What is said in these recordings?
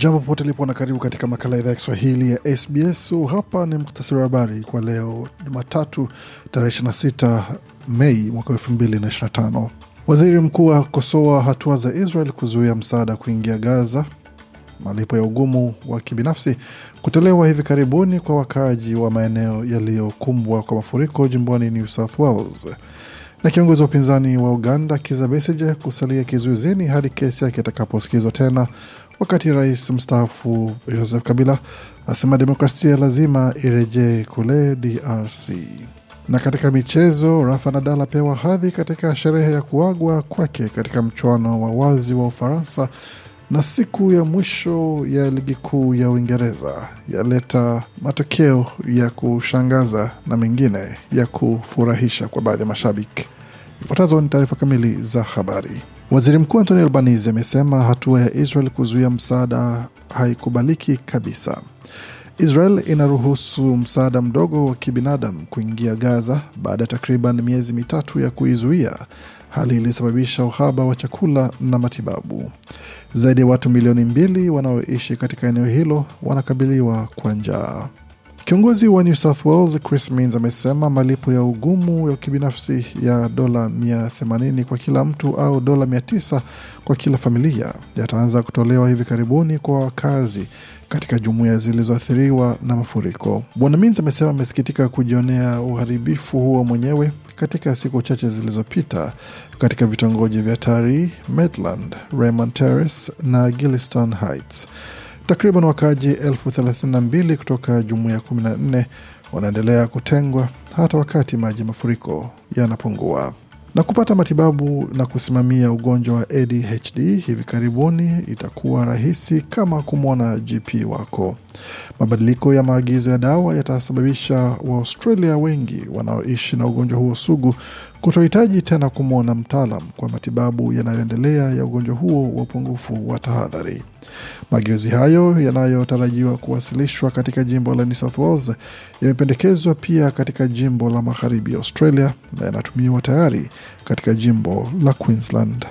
Jambo popote lipo na karibu katika makala ya idhaa ya Kiswahili ya SBS. Hapa ni mktasari wa habari kwa leo Jumatatu, tarehe 26 Mei mwaka 2025. Waziri mkuu akosoa hatua za Israel kuzuia msaada kuingia Gaza. Malipo ya ugumu wa kibinafsi kutolewa hivi karibuni kwa wakaaji wa maeneo yaliyokumbwa kwa mafuriko jimboni New South Wales na kiongozi wa upinzani wa Uganda Kizza Besigye kusalia kizuizini hadi kesi yake itakaposikizwa tena, wakati rais mstaafu Joseph Kabila asema demokrasia lazima irejee kule DRC. Na katika michezo, Rafa Nadal apewa hadhi katika sherehe ya kuagwa kwake katika mchuano wa wazi wa Ufaransa, na siku ya mwisho ya ligi kuu ya Uingereza yaleta matokeo ya kushangaza na mengine ya kufurahisha kwa baadhi ya mashabiki. Ifuatazo ni taarifa kamili za habari. Waziri Mkuu antoni Albanese amesema hatua ya Israel kuzuia msaada haikubaliki kabisa. Israel inaruhusu msaada mdogo wa kibinadamu kuingia Gaza baada ya takriban miezi mitatu ya kuizuia, hali iliyosababisha uhaba wa chakula na matibabu. Zaidi ya watu milioni mbili wanaoishi katika eneo hilo wanakabiliwa kwa njaa. Kiongozi wa New South Wales Chris Minns amesema malipo ya ugumu ya kibinafsi ya dola 180 kwa kila mtu au dola 900 kwa kila familia yataanza kutolewa hivi karibuni kwa wakazi katika jumuiya zilizoathiriwa na mafuriko. Bwana Minns amesema amesikitika kujionea uharibifu huo mwenyewe katika siku chache zilizopita katika vitongoji vya Tari, Maitland, Raymond Terrace na Gilliston Heights. Takriban wakaaji elfu thelathini na mbili kutoka jumuiya kumi na nne wanaendelea kutengwa hata wakati maji mafuriko yanapungua. Na kupata matibabu na kusimamia ugonjwa wa ADHD hivi karibuni itakuwa rahisi kama kumwona GP wako. Mabadiliko ya maagizo ya dawa yatasababisha Waaustralia wengi wanaoishi na ugonjwa huo sugu kutohitaji tena kumwona mtaalam kwa matibabu yanayoendelea ya ugonjwa huo wa upungufu wa tahadhari. Mageuzi hayo yanayotarajiwa kuwasilishwa katika jimbo la New South Wales yamependekezwa pia katika jimbo la magharibi Australia na yanatumiwa tayari katika jimbo la Queensland.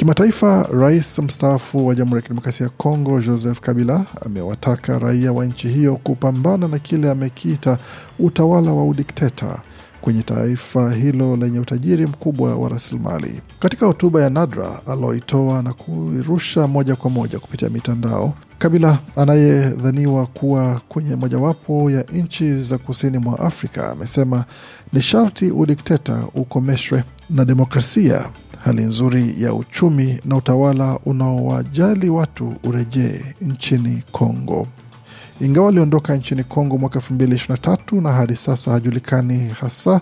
Kimataifa, rais mstaafu wa Jamhuri ya Kidemokrasia ya Kongo Joseph Kabila amewataka raia wa nchi hiyo kupambana na kile amekiita utawala wa udikteta kwenye taifa hilo lenye utajiri mkubwa wa rasilimali. Katika hotuba ya nadra aliyoitoa na kuirusha moja kwa moja kupitia mitandao, Kabila anayedhaniwa kuwa kwenye mojawapo ya nchi za kusini mwa Afrika amesema ni sharti udikteta ukomeshwe na demokrasia hali nzuri ya uchumi na utawala unaowajali watu urejee nchini Kongo. Ingawa aliondoka nchini Kongo mwaka 2023 na hadi sasa hajulikani hasa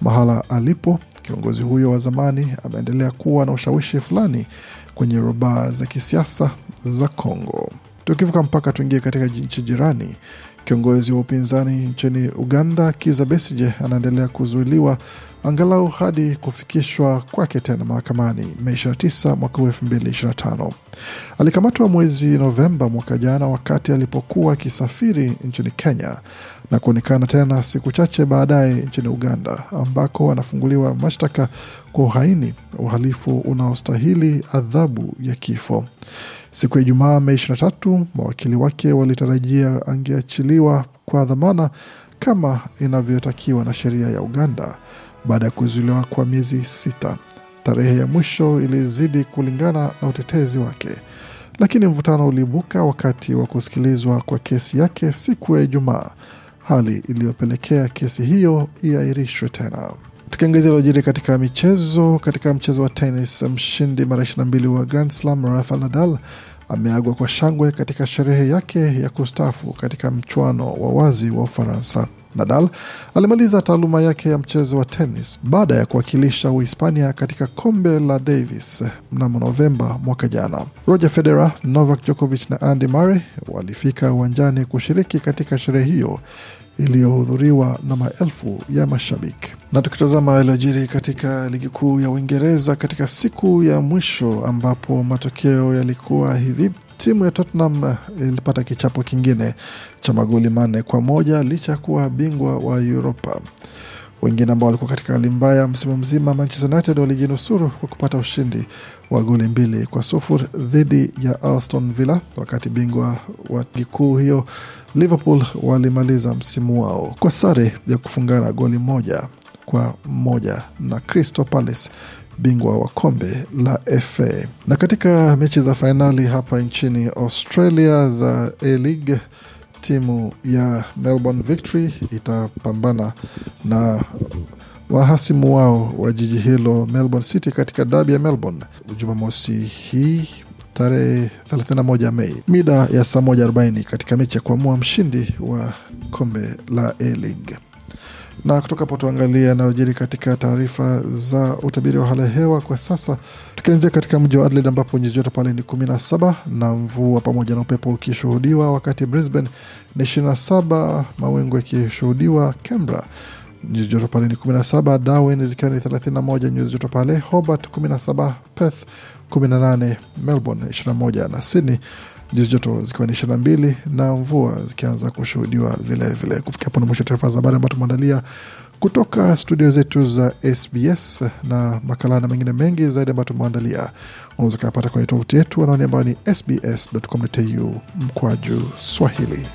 mahala alipo, kiongozi huyo wa zamani ameendelea kuwa na ushawishi fulani kwenye rubaa za kisiasa za Kongo. Tukivuka mpaka tuingie katika nchi jirani, Kiongozi wa upinzani nchini Uganda Kiza Besije anaendelea kuzuiliwa angalau hadi kufikishwa kwake tena mahakamani Mei 29 mwaka 2025. Alikamatwa mwezi Novemba mwaka jana wakati alipokuwa akisafiri nchini Kenya na kuonekana tena siku chache baadaye nchini Uganda ambako anafunguliwa mashtaka kwa uhaini, uhalifu unaostahili adhabu ya kifo. Siku ya Ijumaa, Mei tatu, mawakili wake walitarajia angeachiliwa kwa dhamana kama inavyotakiwa na sheria ya Uganda baada ya kuzuiliwa kwa miezi sita. Tarehe ya mwisho ilizidi kulingana na utetezi wake, lakini mvutano uliibuka wakati wa kusikilizwa kwa kesi yake siku ya Ijumaa, hali iliyopelekea kesi hiyo iahirishwe tena. Tukiangazia lojiri katika michezo, katika mchezo wa tenis, mshindi mara 22 wa Grand Slam Rafael Nadal ameagwa kwa shangwe katika sherehe yake ya kustafu katika mchuano wa wazi wa Ufaransa. Nadal alimaliza taaluma yake ya mchezo wa tenis baada ya kuwakilisha Uhispania katika kombe la Davis mnamo Novemba mwaka jana. Roger Federer, Novak Djokovic na Andy Murray walifika uwanjani kushiriki katika sherehe hiyo iliyohudhuriwa na maelfu ya mashabiki. Na tukitazama yaliyojiri katika ligi kuu ya Uingereza katika siku ya mwisho, ambapo matokeo yalikuwa hivi: timu ya Tottenham eh, ilipata kichapo kingine cha magoli manne kwa moja licha ya kuwa bingwa wa Uropa. Wengine ambao walikuwa katika hali mbaya msimu mzima, Manchester United walijinusuru kwa kupata ushindi wa goli mbili kwa sufuri dhidi ya Aston Villa, wakati bingwa wa ligi kuu hiyo Liverpool walimaliza msimu wao kwa sare ya kufungana goli moja kwa moja na Crystal Palace bingwa wa kombe la FA. Na katika mechi za fainali hapa nchini Australia za A-League, timu ya Melbourne Victory itapambana na wahasimu wao wa jiji hilo Melbourne City katika dabi ya Melbourne Jumamosi hii tarehe 31 Mei mida ya saa 1:40 katika mechi ya kuamua mshindi wa kombe la A-League. Na kutoka hapo tuangalia yanayojiri katika taarifa za utabiri wa hali ya hewa kwa sasa, tukianzia katika mji wa Adelaide ambapo nyuzi joto pale ni 17 na mvua pamoja na upepo ukishuhudiwa, wakati Brisbane ni 27, mawingu yakishuhudiwa. Canberra nyuzi joto pale ni 17, Darwin zikiwa ni 31 nyuzi joto pale, Hobart 17, Perth 18, Melbourne 21 na Sydney nyuzi joto zikiwa ni ishirini na mbili na mvua zikianza kushuhudiwa vilevile. Kufikia hapo na mwisho taarifa za habari ambayo tumeandalia kutoka studio zetu za SBS na makala na mengine mengi zaidi ambayo tumeandalia, unaweza kuyapata kwenye tovuti yetu anaoni ambayo ni sbs.com.au mkwaju Swahili.